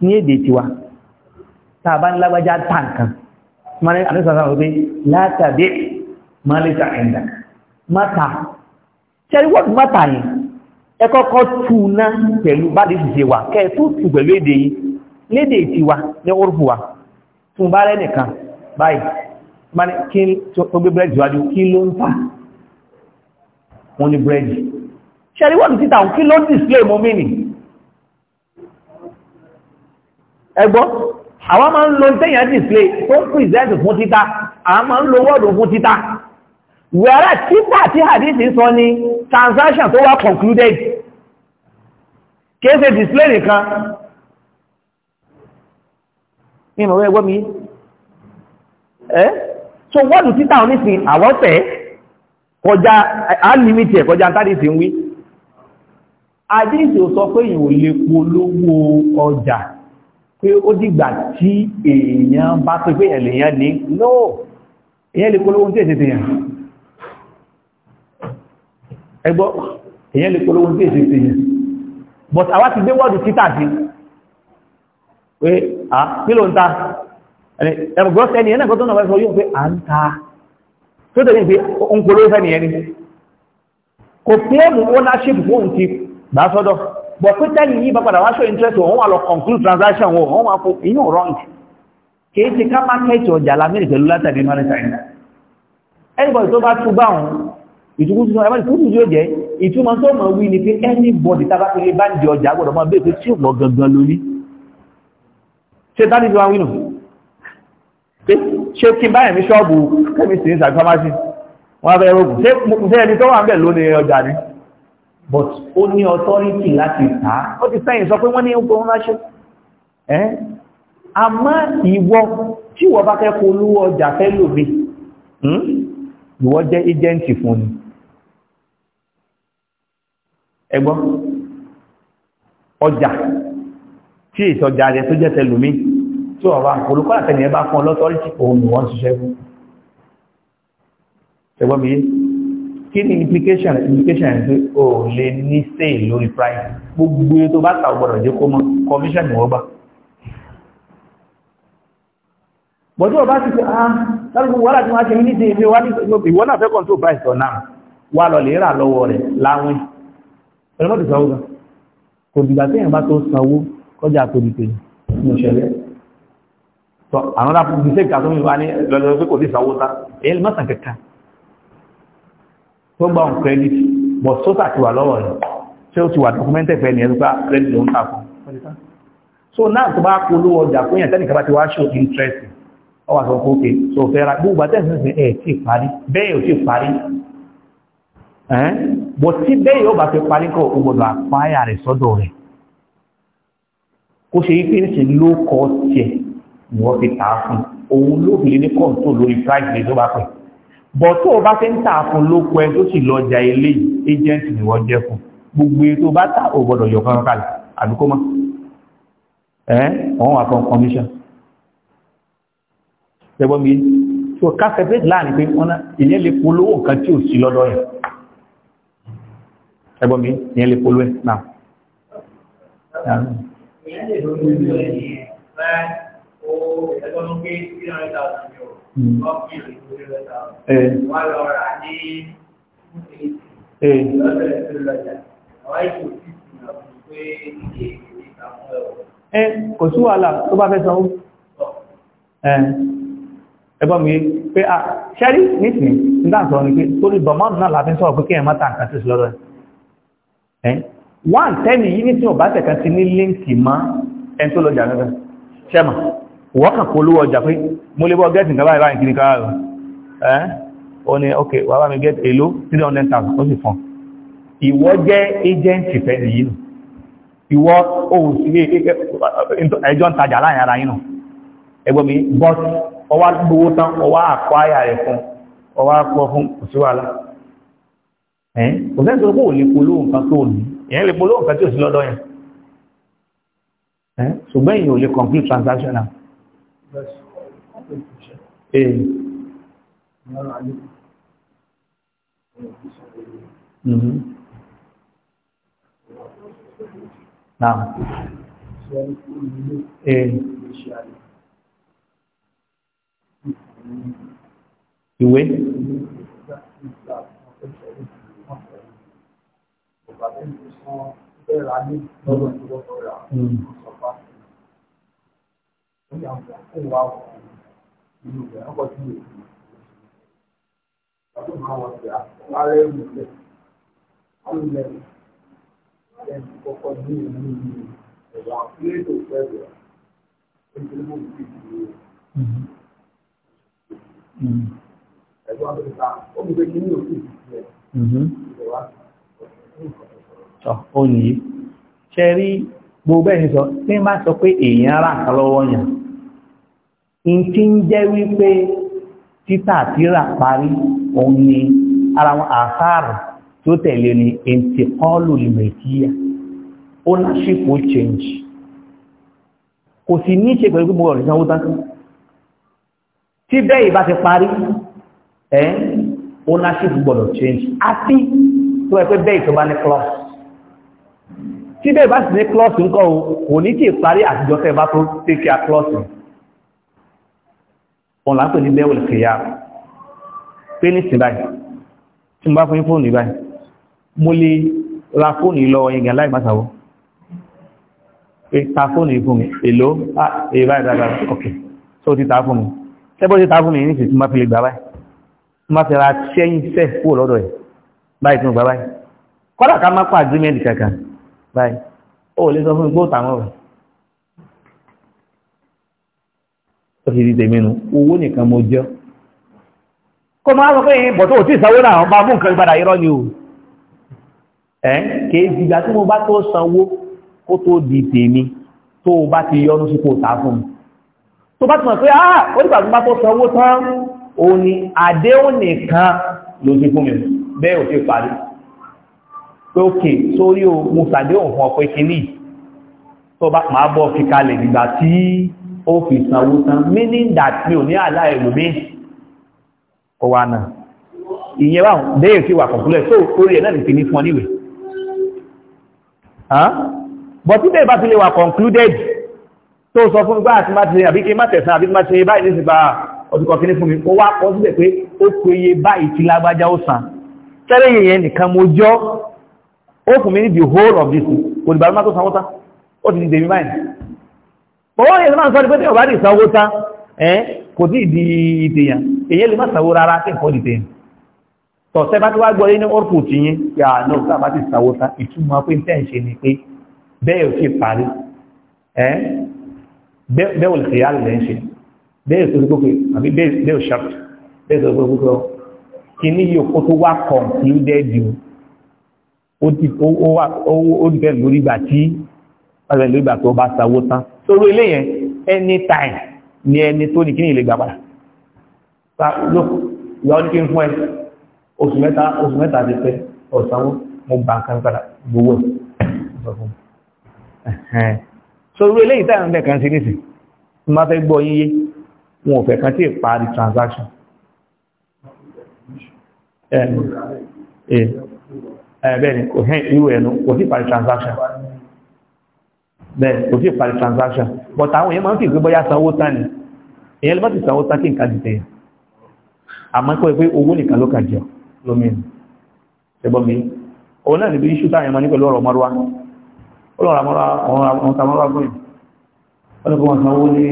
ní èdè tiwa tàbá ńlágbájá tàǹkan mọ́ni àdúsàsà rọ̀ pé látàbí mọ́lẹ́sà ẹ̀ndà mọ́ta ṣẹ́rí wọ́n mọ́ta yìí ẹ kọ́kọ́ tú ná pẹ̀lú bá lè ṣe wà kẹ́ tó tù pẹ̀lú èdè yìí lédè tiwa ní orúkú wa tún bá rẹ́nìkan báyìí mọ́ni kí tó gbé búrẹ́dì wájú kí ló ń ẹgbọ́ àwọn máa ń lo tẹ́yàn display tó ń present fún títà àwọn máa ń lo wọ́ọ̀dù fún títà wẹ́rẹ́ títà tí hadith sọ ni transaction tó wá concluded kéèsè display nìkan ní ìmọ̀wé ẹgbọ́ mi ẹ́ so wọ́ọ̀dù títà onísìn àwọn tẹ̀ kọjá unlimited kọjá tádìsí ń wí hadith sọ pé ìwò lè polówó ọjà pé ó dìgbà tí èèyàn bá tó pé ẹ̀lèyàn ní lóò èèyàn lè polówó tí èsìtì yàn ẹgbọ́ èèyàn lè polówó tí èsìtì yàn but àwa ti gbé wọ́ọ̀dù títà sí pé à kílò ń ta ẹgbọ́n sẹ́ni ẹ̀nà gọ́tọ́nà wáyé sọ yóò pé à ń ta tó tẹ̀lé pé ó ń polówó ownership fóun ti gbà sọ́dọ̀ But pé tẹ́lì yìí bá padà wá show interest òun wà lọ conclude transaction òun òun wà fún inú wrong kìí ti ká mákẹ́ẹ̀tì ọjà lámìrì pẹ̀lú látàrí maritime anybody tó bá túbá òun ìtukútù tó ẹbá ìtukútù tó jẹ́ ìtumọ̀ tó mọ̀ wí ni pé anybody tábà pé bá ń di ọjà gbọ́dọ̀ mọ́ bẹ́ẹ̀ pé tí òun gangan lórí ṣe tàbí tí wọ́n wí nù ṣe kí báyẹ̀ ní ṣọ́ọ̀bù kẹ́mìsì ní sàfámásì wọ́n abẹ́rẹ́ ogun ṣé ẹni tó wà ń bẹ̀ lónìí ọjà ni but ó ní authority láti tà á ó ti sẹ́yìn sọ pé wọ́n ní ogun ránṣẹ́ ẹ́ àmọ́ ìwọ tí wọ́n bá fẹ́ polówó ọjà fẹ́ lòbe hmm? ìwọ jẹ́ agent fún ni ẹgbọ́n ọjà tí ìtọ́jà rẹ̀ tó jẹ́ tẹlùmí tí ọ̀rọ̀ àpolókọ́ àtẹ̀yẹ bá fún ọlọ́tọ́rítì òun ni wọ́n ṣiṣẹ́ fún ẹgbọ́n mi yé kí ni implication implication ẹ̀ pé o lè ní say lórí price gbogbo tó bá ta ọgbọ̀dọ̀ jẹ́ kó mọ́ commission wọ́n bá bọ̀dọ̀ bá ti ah sáré gbogbo wọ́lá tí wọ́n á ṣe ní ti ìfẹ́ wá ní ìwọ náà fẹ́ control price ọ̀ náà wà lọ lè rà lọ́wọ́ rẹ̀ láwìn ẹ̀rọ mọ́tò sanwó gan kò dìgbà tí èèyàn bá tó sanwó kọjá tó di pèlú ní ìṣẹ̀lẹ̀ tọ́ àwọn lápò fi ṣe ìkà tó ń wá ní tó gbà ń credit but sótà ti wà lọ́wọ́ rẹ̀ ṣé ó ti wà documented fẹ́ ni ah, credit ló ń tà ah. so náà tó bá polówó ọjà fún yẹn tẹ́nìkan ti wá show interest ọ wà sọ fún òkè so fẹ́ ra gbogbo àtẹ́sìn ẹ̀ eh, tí parí bẹ́ẹ̀ ò tí parí ẹ́n bọ̀ tí bẹ́ẹ̀ yóò bá fi parí kọ́ o gbọ́dọ̀ àpáyà rẹ̀ sọ́dọ̀ rẹ̀ kó ṣe yí pé níṣẹ́ ló kọ́ tiẹ̀ ni price rẹ̀ tó bọ̀ tó o bá fẹ́ ń tà fún lóko ẹ tó sì lọ́jà ilé agent ni wọ́n jẹ́ fún gbogbo èyí tó bá tà ò gbọ́dọ̀ yọ kankan kalẹ̀ àdúgbò mọ́ ẹ́ wọ́n wà fún commission ṣẹgbọ́n mi tí o ká separate láàrin pé wọ́n náà ìyẹn lè polówó nǹkan tí ò sí lọ́dọ̀ yẹn ṣẹgbọ́n mi ìyẹn lè polówó ẹ̀ náà. ìyẹn lè lóyún ìlú ẹ̀ ní ẹ̀ bá ó ẹgbọ́n Kò sí wàhálà tó bá fẹ́ sanwó. Ẹgbọ́n mi pé à ṣẹ́rí nìtìí nígbà sọ ní pé torí bọ̀mọ́nù náà láti sọ pé kí ẹ máa tàǹkà sí lọ́rọ̀ ẹ̀. Wọ́n tẹ́ni yí ní tí ọ̀bá tẹ̀kan ti ní líǹkì mọ́ ẹni tó lọ jà gẹ́gẹ́. Ṣẹ́mà wọ́kà kò lówó ọjà pé mo lè bọ́ gẹ́ẹ̀tì nǹkan báyìí báyìí kiri káà rọ̀ ẹ́ o ní ok wà bá mi gẹ́ẹ̀tì èlò 300,000 ó sì fún ìwọ jẹ́ agenti fẹ́ nìyí nù ìwọ ohun sí ẹjọ́ ń tajà láàrin ara mi but ọwá gbowó tán ọwá àkọ́yà rẹ̀ fún ọwá kọ́ fún òṣùwàlá ẹ́ kò sẹ́ni tó kó lè polówó nǹkan tó ní ìyẹn lè polówó nǹkan eh mhm Naam. Eh. Ìwé. Mm. ara ewu rẹ̀ mhm. ṣe rí gbogbo sọ tí wọ́n bá sọ pé èèyàn ara kan lọ́wọ́ ntí ń jẹ́ wípé títà àtìrà parí òun ni ara wọn àṣàrò tó tẹ̀lé ni ìntìkọ́lù lìmẹ̀kíyà ownership will change kò sì ní ṣe pẹ̀lú gbogbo ọ̀rọ̀ ìsanwó tán tí bẹ́ẹ̀ bá ti parí ẹ́ ownership gbọ́dọ̀ change àti tó ẹ pé bẹ́ẹ̀ tó bá ní clause tí bẹ́ẹ̀ bá sì ní clause ńkọ́ o kò ní kí ìparí àtijọ́ tẹ́ bá tó take care clause ọ̀nà àpè ní bẹ́ẹ̀wò kìyà pé ní sìn báyìí tí mo bá fún yín fóònù báyìí mo lè ra fóònù lọ ìgbà láì má sàwọ́ pé ta fóònù yìí fún mi èlò èèbá ìdára ọ̀kẹ́ tó ti ta fún mi tẹ́bọ́ ti ta fún mi ní ìsìn tí mo bá fi lè gbà báyìí mo bá fi ra sẹ́yìn sẹ́ kúrò lọ́dọ̀ ẹ̀ ó ti di tèmi nu owó nìkan mo jẹ́ kó máa sọ pé ìyìn bọ̀tọ̀ ò tí ìsanwó náà bá mú nǹkan ìpadà irọ́ ni o ẹ́ kìí dìgbà tí mo bá tó sanwó kó tó di tèmi tó o bá ti yọnu sí kò tá fún mi tó bá ti mọ̀ pé ah ó dìgbà tó bá tó sanwó tán òun ni àdéhùn nìkan ló ti fún mi bẹ́ẹ̀ ò ti parí pé òkè sórí o mo ṣàdéhùn fún ọ pé tó bá máa bọ́ fi kalẹ̀ dìgbà tí ó fi sanwó tán meaning that mi ò ní àlá ẹlòmí kò wá náà ìyẹn báwọn déyè sí wà kọ̀kúlẹ̀ tó orí ẹ̀ náà lè fi ní fún ọ níwèé but if they bá fi lè wà concluded tó sọ fún gbá àti máa ti àbí kí má tẹ̀sán àbí má ṣe báyìí nísìgbà ọdúnkọ̀ kí ní fún mi ó wá kọ́ sílẹ̀ pé ó kò iye báyìí tí lágbájá ó san tẹ́lẹ̀ yẹn nìkan mo jọ́ ó fún mi ní the whole of this olùbàrúmá tó sanwó tán ó ti di dèmí báyìí bọ́wọ́ yẹn máa ń sọ ní pé tí ọba rí ìsanwó tá ẹ́ kò tí ìdí ìtèyàn èyàn lè má sanwó rárá tí nǹkan dìde tọ̀sẹ́ bá ti wá gbọ́ yín ní ọ́rùkù tí yín yà náà tá bá ti sanwó tá ìtumọ̀ pé tẹ́ ń ṣe ni pé bẹ́ẹ̀ ò sì parí ẹ́ bẹ́ẹ̀ ò lè ṣe yálẹ̀ ń ṣe bẹ́ẹ̀ ò sọ pé torí ilé yẹn anytime ni ẹni tó ní kíní ilé gbà padà ìyá ó ní kí n fún ẹ oṣù mẹ́ta oṣù mẹ́ta ti pẹ́ ọ̀sánwó mo gbà nǹkan padà gbowó ẹ̀ sọ̀rọ̀ ilé ìtàn àwọn ẹ̀kan sí nísìn ma fẹ́ gbọ́ yíyé wọn ò fẹ́ kan tí è parí transaction ẹ̀bẹ̀ni kò hẹ́ irú ẹ̀nu kò sí parí transaction bẹ́ẹ̀ kò sí ìparí transaction but àwọn èèyàn máa ń fi ìgbé bọ́yá sanwó tán ni èèyàn lè má ti sanwó tán kí nǹkan dìtẹ̀ àmọ́ kọ́ pé owó nìkan ló kà jẹ lómi ṣẹbọ́ mi òun náà níbi iṣu táyẹ̀mọ́ ní pẹ̀lú ọ̀rọ̀ mọ́rọ́wá ọlọ́rọ̀ mọ́rọ́wá ọ̀rọ̀ tamọ́rọ́wá gbọ́yìn ọlọ́pọ̀ wọn sanwó ní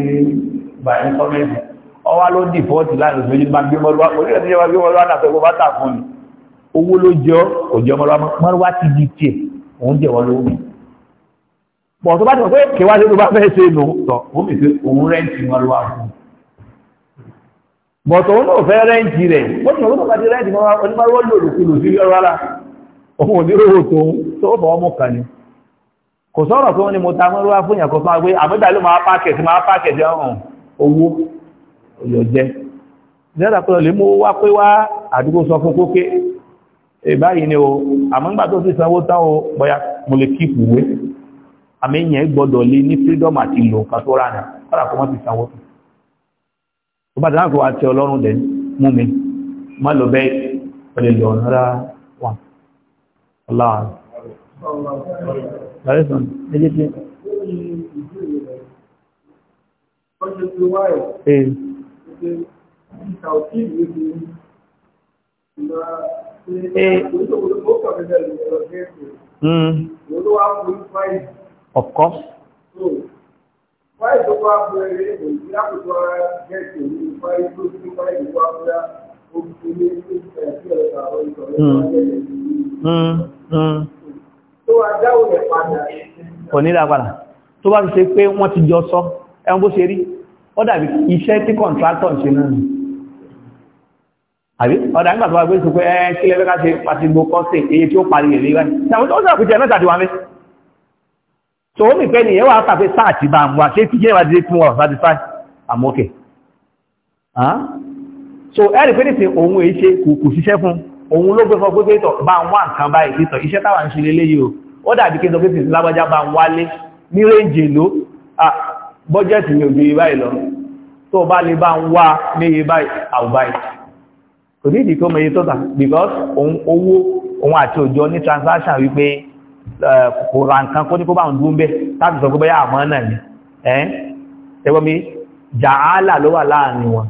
bàyẹ̀ sọ́mẹ́sì ọwá ló dì fọ́ọ̀tì láàrin òṣèlú ní máa gbé mọ́rọ́wá orílẹ̀ ní ẹwà gbé mọ́rọ́wá náà fẹ́ bá tà fún mi owó ló jọ kò jọ mọ́rọ́wá mọ́rọ́wá ti pọ̀ tó bá ti mọ̀ pé kẹwàá ló bá fẹ́ ṣe nù tọ̀ ó mì pé òun rẹ́ǹtì wọn ló wà fún un bọ̀tọ̀ òun náà fẹ́ rẹ́ǹtì rẹ̀ ó ti mọ̀ pé bàbá ti rẹ́ǹtì wọn onímọ̀rọ̀ lòlùkulù sí yọrọ rárá òun ò ní rówó tòun tó fọwọ́ mú kàn ní kò sọ̀rọ̀ pé wọ́n ní mo ta mọ́rọ́ wá fún ìyàkọ́ fún wa pé àmọ́ta ló máa pákẹ̀tì máa pákẹ̀tì ọ̀hún owó òyò jẹ́ lẹ́dà ni o àmọ́ nígbà tó ti sanwó tán o bóyá mo lè kíìpù wé àmẹ́yìn gbọ́dọ̀ lé ní freedom àti ìlò nǹkan tó rà náà kọ́dà kó má ti sanwó tó tó bá dáhùn kó wá ti ọlọ́run dẹ̀ mú mi má lọ bẹ́ẹ̀ pẹ̀lú ìlú ọ̀nà rà wà ọláàrùn Larison, ẹjẹ́ tí Ee. Ee. Of course. So, why do we have to get to the why do we have Kò ní lápàdà. Tó bá ti ṣe pé wọ́n ti jọ sọ, ẹun bó ṣe rí, ó dàbí iṣẹ́ tí kọ̀ntrátọ̀ ṣe náà nì. Àbí, ọ̀dà nígbà tó gbé ṣe ẹ́ kílẹ̀ fẹ́ ká ṣe pàtìgbò kọ́sẹ̀ èyí tí ó parí èrè Ṣàwọn tó so omi pẹ́ nìyẹn wà tàbí sáà ti bá mú àṣẹ tí jẹ́wà dídé fún wọn satisfy I'm okay so ẹ̀rì pé nìsìn òun èyí ṣe kò ṣiṣẹ́ fún òun ló gbé fún pé tọ̀ bá ń wá nǹkan báyìí títọ̀ iṣẹ́ táwà ń ṣe lélẹ́yìí o ó dàbí kí n sọ pé tìsí lágbájá bá ń wálé ní réǹjì ló bọ́jẹ́tì mi ò gbé ibà ìlọ tó bá lè bá ń wá ní ibà because òun owó òun àti òjò ní transaction kò ra nǹkan kó ní kó bá ń dúró bẹ́ láti sọ gbogbo àmọ́ náà ni ẹgbọ́n mi jàálà ló wà láàrin wọn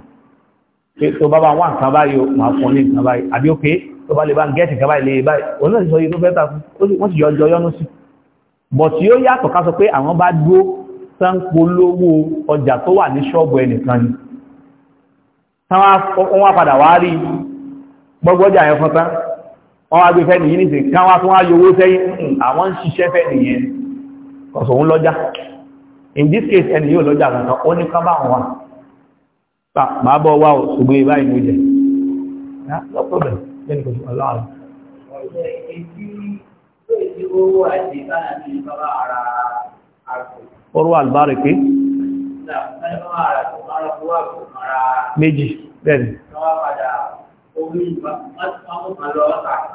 pé tó bá bá wà nǹkan báyìí máa fún ní nǹkan báyìí àbí ó pé tó bá lè bá ń gẹ́ẹ̀tì nǹkan báyìí lè e báyìí òun náà ti sọ iye tó fẹ́ ta fún wọ́n ti yọjọ yọnu sí bọ̀ tí ó yàtọ̀ ká sọ pé àwọn bá dúró tán polówó ọjà tó wà ní ṣọ́ọ̀bù ẹnìkan ni wọ́n wá padà wá rí gbọ́gbọ́jà yẹn fọ́n tán wọ́n wá gbé fẹ́ nìyí ní ìsìn káwá tó wá yówó sẹ́yìn àwọn ń ṣiṣẹ́ fẹ́ nìyẹn kọ̀sọ̀ òun lọ́jà in this case ẹni yóò lọ́jà kankan ó ní ká bá wọn wà máa bọ́ wá ṣùgbọ́n ìbá ah, problem lẹ́nu kò sùn ọlọ́run. ọ̀sẹ̀ èyí ló ti owó àti ìbáraẹni bàbá wọ́n padà orí ìbá lọ ọ̀tà.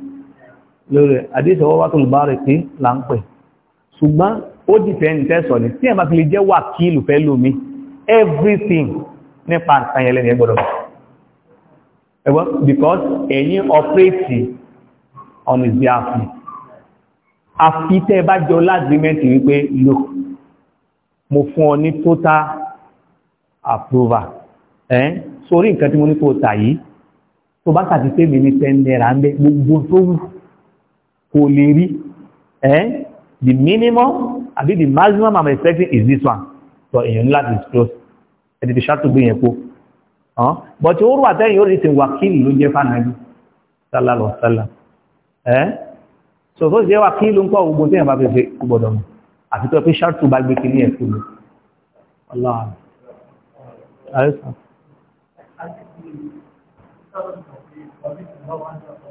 lórí àdíṣẹ́ wọ́wá tó lùbárì tí là ń pè ṣùgbọ́n ó dìfẹ́ ní tẹ́sọ̀ ní tí ẹ̀mà fi lè jẹ́ wà kí ìlú lómi everything nípa àyẹ̀lẹ̀ ẹgbọ́dọ̀ ẹgbọ́n because ẹ̀yin operate on his behalf àfi tẹ́ bá jọ agreement wípé look mo fún ọ ní total approval ẹ́ sórí nǹkan tí mo ní kó tà yìí tó bá sàtìsẹ́ mi ní 10 naira ń bẹ gbogbo tó wù kò lè rí ẹ́ the minimum àbí the maximum i'm expecting is this one so èèyàn ńlá is close ẹni fi ṣàtúgbé yẹn kó but ó rú àtẹ́yìn ó rí sin wákìlì ló jẹ́ fánàbí sálàlọ́ sálà ẹ́ so tó jẹ́ wákìlì ń kọ́ ogun tí èèyàn bá fi ṣe gbọ́dọ̀ mọ̀ àti tó fi ṣàtú bá gbé kìíní ẹ̀kú lọ ọlọ́run àìsàn. Thank you.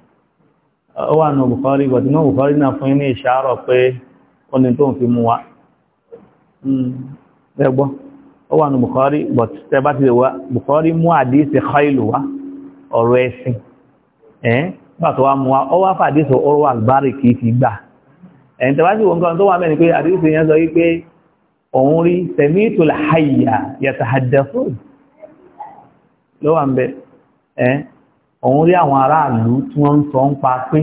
ó wà ní Bukhari ìgbàtí náà Bukhari náà fún ní ìṣàárọ̀ pé ó ní tó ń fi mú wa hmm. ẹgbọ́ ó wà ní Bukhari but tẹbá ti wá Bukhari mú àdíṣe khailu wa ọ̀rọ̀ ẹ̀sìn ẹ́ bàtọ̀ wa mú wa ó wá fàdíṣe ọrọ̀ àgbárí kìí fi gbà ẹ̀yìn òun rí àwọn aráàlú tí wọ́n ń sọ ń pa pé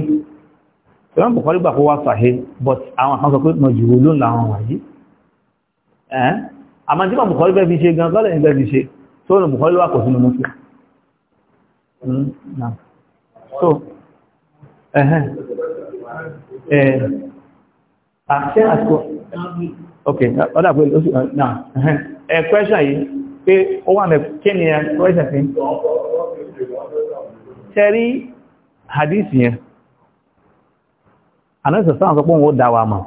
ìwọ́n bùkọ́ nígbà kó wá sàhé but àwọn kan sọ pé mọ̀ jù ló ń làwọn wọ̀nyí ẹ́n àmọ́ tí bàbùkọ́ nígbà fi ṣe gan sọ́lẹ̀ nígbà fi ṣe tó ní bùkọ́ nígbà kò sínú mọ́tò hmm, so ẹ̀hẹ́n ok ọ̀dà pé ó sì náà ẹ̀ question yìí pé ó wà mẹ́ kí ni ẹ̀ question fi tẹ́rí hadith yẹn anáṣẹ́ sáà sọ pé wọ́n dá wa mọ̀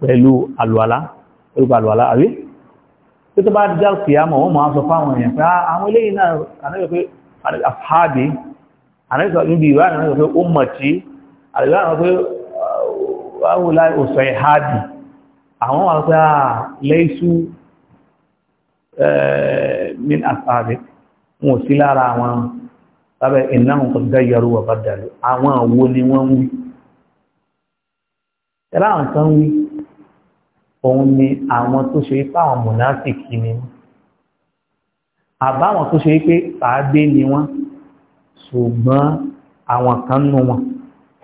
pẹ̀lú alùwàlá pẹ̀lú alùwàlá àrí tó tó bá dá sí àmọ̀ wọ́n máa sọ fáwọn èèyàn pé ah, àwọn ilé iná anáṣẹ́ pé àfáàdì anáṣẹ́ níbi ìwà anáṣẹ́ ah, ah, eh, min àfáàdì wọn ò sí lára lábẹ́ ìnáhùn kò dáyàrú wà bá dàlú àwọn àwo ni wọ́n ń wí tẹ́lá àwọn kan wí òun ni àwọn tó ṣe pé àwọn mùnáfìkì ni wọ́n àbáwọn tó ṣe pé pàágbé ni wọ́n ṣùgbọ́n àwọn kan nù wọn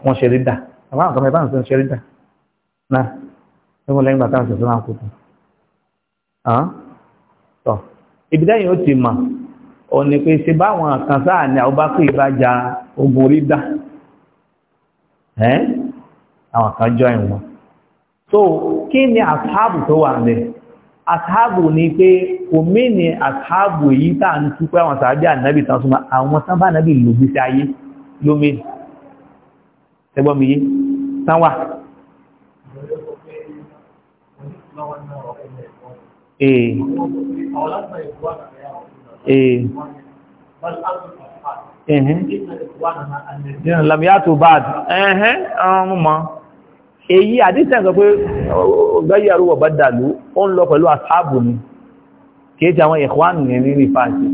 wọ́n ṣe rí àbáwọn kan mẹ́bàá ń ṣe rí náà ní wọ́n lẹ́yìn bàtà ṣe fún àwọn ibi dáyìn ó ti mọ̀ òní pé ṣe báwọn kan sáà ní àwọ́bákù ìbájá ogun orí dá ẹ́n àwọn kan jọ ìwọ̀n so kí ni àtàbù tó wà ní àtàbù ni pé omi ni àtàbù èyí tàà ń tú pé àwọn sàábí ànábì tán súnmọ́ àwọn sábà ànábì lògbí sí ayé lómi ẹgbọ́mìyí sáwà Ee eh ẹ̀hẹ́n lamiyatu bad ẹ̀hẹ́n ọmọ mọ́ èyí àdísẹ̀ sọ pé ọgbẹ́yàrú wọ̀ bá dàlú ó ń lọ pẹ̀lú àsáàbù ni kìí ti àwọn ìkwánù ní rí fàájì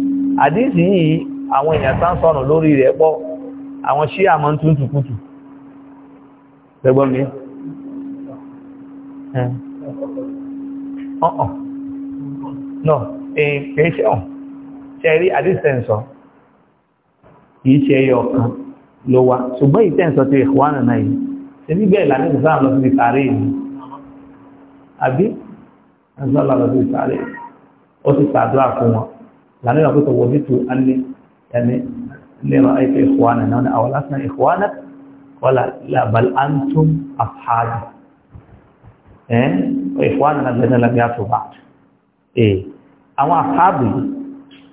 àdísì yìí àwọn èèyàn tán sọ̀nà lórí rẹ̀ pọ̀ àwọn ṣíà mọ́ tún tùkútù tẹgbọ́mí ọ̀ọ̀ náà èèyàn eh, kìí ṣe ọ̀hún ṣẹ̀rí àdísẹ̀ǹsọ̀ kìí ṣe ẹyọ ọ̀kan ló wá ṣùgbọ́n ìtẹ̀ǹsọ̀ ti ìwánà náà yìí ṣe nígbẹ̀ ìlànà ìsáà lọ sí ìtàrí ìlú àbí ẹ̀sọ́lá lọ sí ìtàrí ó ti ṣàdúrà fún wọn lànà ìlànà pẹ̀tọ̀ wọ́n fìtú ẹni ẹni lẹ́rọ ẹ̀kọ́ ìwánà náà ni àwọn lásán ìwánà wọ́lá labal antum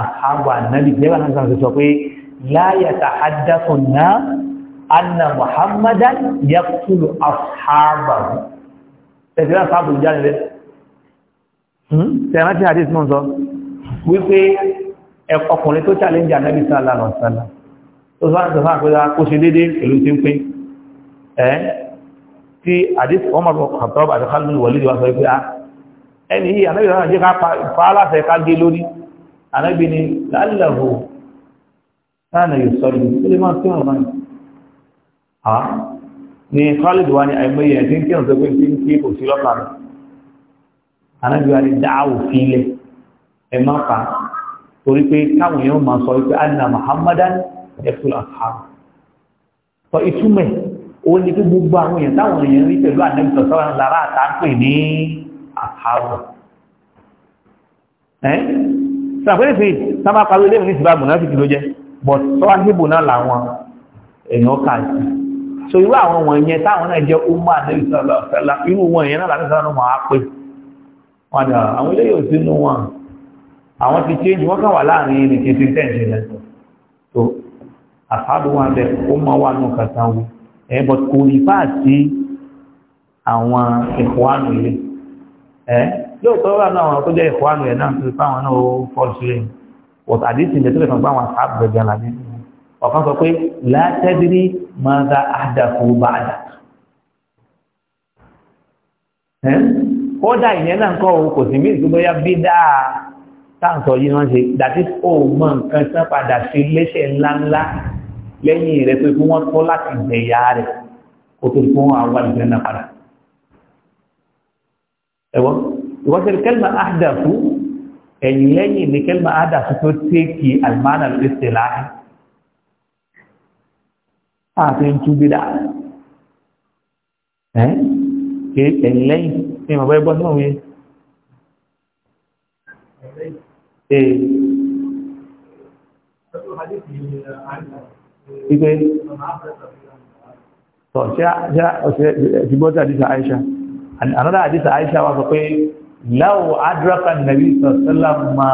àṣàbò ànábì gẹ́gẹ́ náà sàn sọ pé láyà tàhádàkùn náà anna muhammadan yaqtulu ashabahu tẹ̀sí náà sábò jáde rẹ̀ tẹ̀rán tí hadith náà sọ wípé ọkùnrin tó challenge ànábì sallallahu alaihi wasallam tó sọ àti sọ́fà pẹ́lá kó ṣe dédé pẹ̀lú tí ń pín ẹ́ tí àdís Umar Khattab àti Khalid Walid wá sọ pé ah, ẹni yìí ànábì sallallahu alaihi wasallam jẹ́ ká pa aláṣẹ ká àrẹ́bí ni lálẹ́hù sáànà yóò sọ lù ó lè máa tí wọn báyìí à ní Khalid wa ni àìmọye ẹ̀ tí ń kírun sẹ́gbẹ́ tí ń kí kò sí lọ́kàn rẹ̀ àrẹ́bí wa ni dáàwò fílẹ̀ ẹ̀ má pa torí pé káwọn èèyàn máa sọ wípé anna Muhammadan ẹ̀fúlà kàá sọ ìtumẹ̀ ó ní kí gbogbo àwọn èèyàn táwọn èèyàn rí pẹ̀lú àdébìtọ̀ sọ́wọ́n lára àtàpè ní àkàrọ̀ sàpẹ́lẹ̀ fi sábà parí ilé ìrìn ìsìnbà mùnà fìkì ló jẹ́ but sọ́wá hìbò náà làwọn èèyàn kà so irú àwọn wọ̀nyẹn táwọn náà jẹ́ ọmọ àdébì sọ́lá irú wọ̀nyẹn náà láti sọ́lá náà pé wọn dà àwọn ilé yóò sínú wọn àwọn ti change wọ́n kàn wà láàrin ilé kí ti tẹ́ǹṣẹ̀ lẹ́sọ̀ so àfáàbò wa bẹ ó mọ wà nù kàtà wù ẹ but lóòótọ́ wà náà wọn tó jẹ́ ìfọ́ àlù ẹ̀ náà tó fáwọn náà ó fọ́ sílẹ̀ wọ́n àdìsí ìjẹ́ tó lè kàn bá wọn àṣà àbẹ̀jẹ̀ làbí ọ̀kan sọ pé látẹ́bírí máa da àdàkù bá àdà kódà ìyẹn náà kọ́ òun kò sí mí ìgbó bóyá bí dáa táǹsọ̀ yìí wọ́n ṣe dàtí ó mọ nǹkan tán padà sí léṣẹ̀ ńláńlá lẹ́yìn rẹ̀ pé kí wọ́n tọ́ láti gbẹ̀yà rẹ̀ kó tó fún àwọn àlùfẹ́ náà padà ẹ̀wọ́n ìwọ́sẹ̀ kẹ́lìmà àdàfú ẹ̀yìn lẹ́yìn ní kẹ́lìmà àdàfú tó tẹ́kì àlùmánà lẹ́sẹ̀ láàrín àti ń túbí dà ẹ́ ẹ̀yìn lẹ́yìn ní ìmọ̀ bẹ́ẹ̀ bọ́ sí òun yẹn Ipe tọ̀ ṣe ṣe ṣe ṣe gbọ́dọ̀ àdìsá Aisha. Another àdìsá Aisha wa sọ pé لو أدرك النبي صلى الله عليه وسلم ما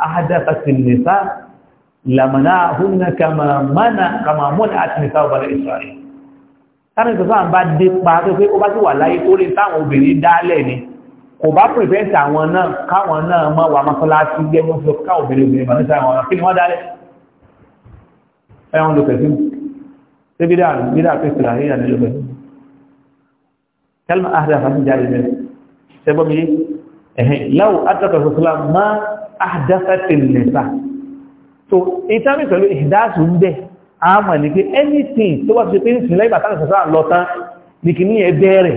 أحدثت النساء لمنعهن كما منع كما منعت النساء بني إسرائيل táwọn ìsọ̀sọ́ à ń bá dé pa tó pé ó bá ti wà láyé tó lè táwọn obìnrin dálẹ̀ ni kò bá pèfẹ́ǹtì àwọn náà káwọn náà mọ́ wà mọ́sálásí gbé wọ́n fi ká obìnrin obìnrin mọ̀ níta àwọn kí ni wọ́n dálẹ̀ ẹ̀wọ̀n ló pẹ̀sí ṣé bí dáa bí dáa pèsè láyé ìyá ló pẹ̀sí kẹlmà áhàdà fásitì jáde mẹ́rin ṣẹgbọ́n mi yé láwù àtàkà sọ́sọ́lá má àdásátìlẹ̀sà so ìtàmì pẹ̀lú ìdásù ń bẹ̀ àmà ní pé anything tó wá fi pé ní sílẹ̀ ìbàtàkà sọ́sọ́lá ni ní kì ní ẹgbẹ́rẹ̀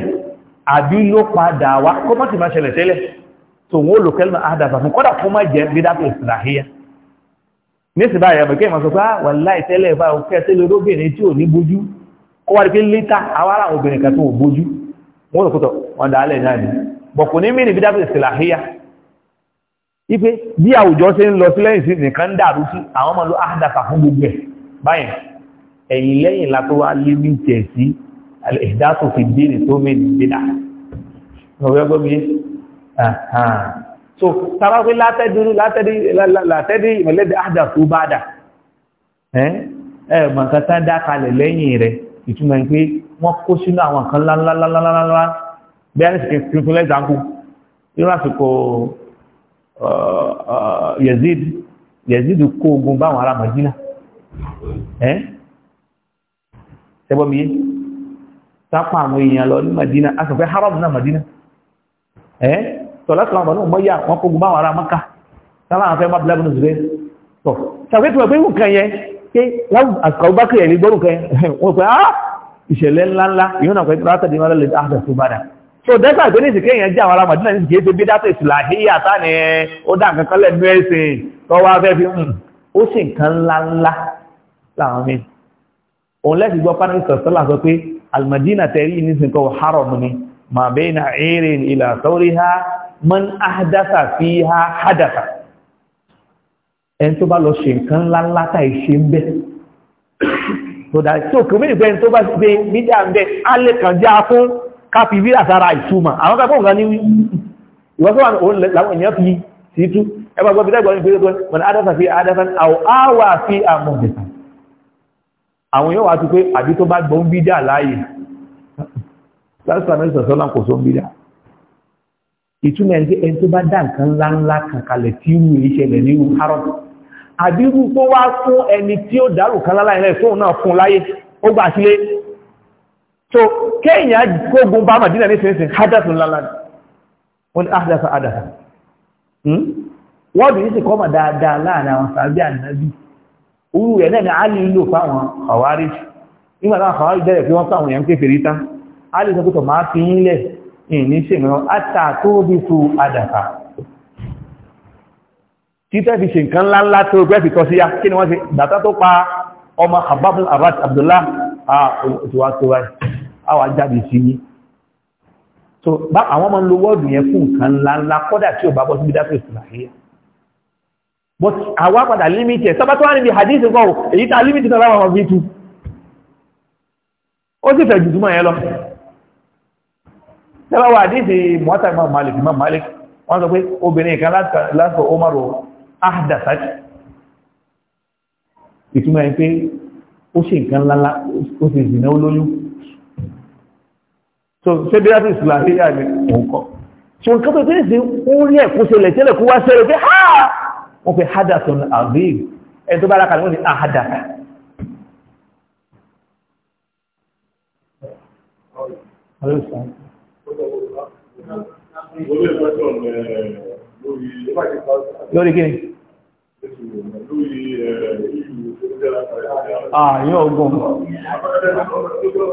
àbí ló padà wá kó mọ́ ti máa ṣẹlẹ̀ tẹ́lẹ̀ so wọ́n lò kẹ́lùmọ̀ àdàbà fún kọ́dà kó má jẹ́ bídápù ìsìláhíyá ní sì báyìí àbẹ̀kẹ́ ìmọ̀ sọ pé ah, wà láì tẹ́lẹ̀ bá òkè tẹ́lẹ̀ olóbìnrin tí ò ní bójú ó wá rí pé lítà awárà obìnrin kan tó ò bójú wọ́n lò kótọ̀ wọ́n dà á lẹ̀ náà ni bọ̀kù ní mí ní bídá fèsì làhíyá ipé bí àwùjọ ṣe ń lọ sí lẹ́yìn sí nìkan ń dàrú sí àwọn ọmọ ló áhàdàkà fún gbogbo ẹ̀ báyìí ẹ̀yìn lẹ́yìn látó wá lé ní tẹ̀ sí ìdásò fi dé ní tó mé nìbídà so tara pé látẹ́dúrú látẹ́dí ìmọ̀lẹ́dẹ̀ áhàdà tó bá dà ẹ̀ mọ̀kátá dá kalẹ̀ lẹ́yìn rẹ̀ ìtumọ̀ pé wọ́n kó sínú àwọn kan lálálálálá bẹ́ẹ̀ sì kí fún lẹ́sàkú nínú àsìkò Yazid Yazid kó ogun báwọn ará Madina ẹ́ ṣẹbọ́ mi yé sápá àwọn èèyàn lọ ní Madina a sọ pé haram náà Madina ẹ́ tọ̀lá kan àbọ̀ náà mọ́ yà wọ́n kó ogun báwọn ará Maka sára àwọn afẹ́ má bílá bínú zùlẹ̀ tọ̀ ṣàfihàn tó pé wù kàn yẹn pé láwù àsìkò Abubakar (laughs) so dẹ́gbà tó ní ìsìnkú èèyàn jẹ́ àwọn ará màdínà ní ìsìnkú tó bí dátà ìsìláhíyà táni ó dá nǹkan kan lẹ́nu ẹ̀sìn tó wá fẹ́ fi hùn ó sì nǹkan ńláńlá láwọn mi òun lẹ́sì gbọ́ pánẹ́lì sọ̀sọ́là sọ pé almadina tẹ̀rí ní ìsìnkú haram ni ma bayna irin ila sauriha man ahdasa fiha hadasa ẹni tó bá lọ ṣe nǹkan ńláńlá tá ìṣe ń bẹ́ tó dá tó kìí káfí bí àsára ìtumọ̀ àwọn kápọ̀ nǹkan ní ìwọ́sọ́wọ́n òun làwọn èèyàn fi sí tú ẹgbà gbọ́ bí dẹ́gbọ́n ìpínlẹ̀ gbọ́n wọn adása fi adása àwọ̀ áwà fi àmọ̀ ìdẹ̀sà àwọn yóò wá ti pé àbí tó bá gbọ́n bí dà láàyè lásìkò sọ́lá kò sọ bí dà ìtumọ̀ ẹni ẹni tó bá dá nǹkan ńláńlá kankalẹ̀ tí irú ìṣẹ̀lẹ̀ nínú so Kenya gbógun bá màdínà ní sínsìn hadasun lálá ní wọ́n ni ahdasu adasa wọ́n bí sí kọ́mà dáadáa láàrin àwọn sàábí ànábí orú rẹ̀ náà ni a lè lò fáwọn àwárí nígbà táwọn àwárí bẹ̀rẹ̀ pé wọ́n fáwọn èèyàn kéfèrè tán a lè sọ pé máa fi ń lẹ̀ ní ṣe mìíràn àtà tó bí so adasa títẹ́ fi Abdullah ah òtùwà tó àwà jáde sí yí so bá àwọn ọmọ ń lo wọ́ọ̀dù yẹn fún nǹkan ńlá ńlá kọ́dà tí ò bá bọ́ síbi dáfẹ́ ìsìnlá yìí but àwa padà límítì ẹ̀ sábà tó wà níbi hadith kọ́ èyí tá límítì náà láwọn ọmọ bí tu ó sì fẹ̀ jù túmọ̀ yẹn lọ sábà wà hadith mọ́tà imam malik imam malik wọ́n sọ pé obìnrin kan lásọ omaru ahdasat ìtumọ̀ yẹn pé ó ṣe nǹkan ńlá ó sì zìnà olóyún so ṣe bí láti ìsìláhíyà ni òun kọ́ ṣe nǹkan tó tẹ́lẹ̀ sí ń rí ẹ̀kú ṣẹlẹ̀ tẹ́lẹ̀ kó wá ṣẹlẹ̀ pé ha wọ́n fi hadathun azim ẹni tó bá ara kàlẹ́ wọ́n ni ahadaka ah, lórí kí ni ah,